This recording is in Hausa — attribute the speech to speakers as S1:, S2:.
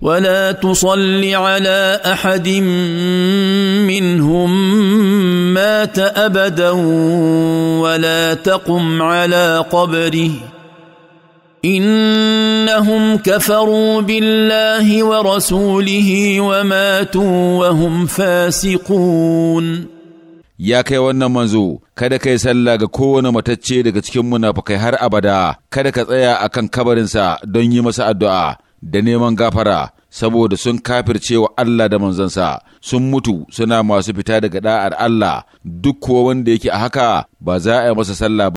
S1: ولا تصل على احد منهم مات ابدا ولا تقم على قبره انهم كفروا بالله ورسوله وماتوا وهم فاسقون
S2: ya kai wannan manzo kada ka yi sallah ga kowane matacce daga cikin munafukai har abada kada ka tsaya a kan kabarinsa don yi masa addu'a da neman gafara saboda sun kafirce wa Allah da manzansa sun mutu suna masu fita daga da'ar Allah duk kuwa wanda yake a haka
S3: ba za a yi masa sallah ba.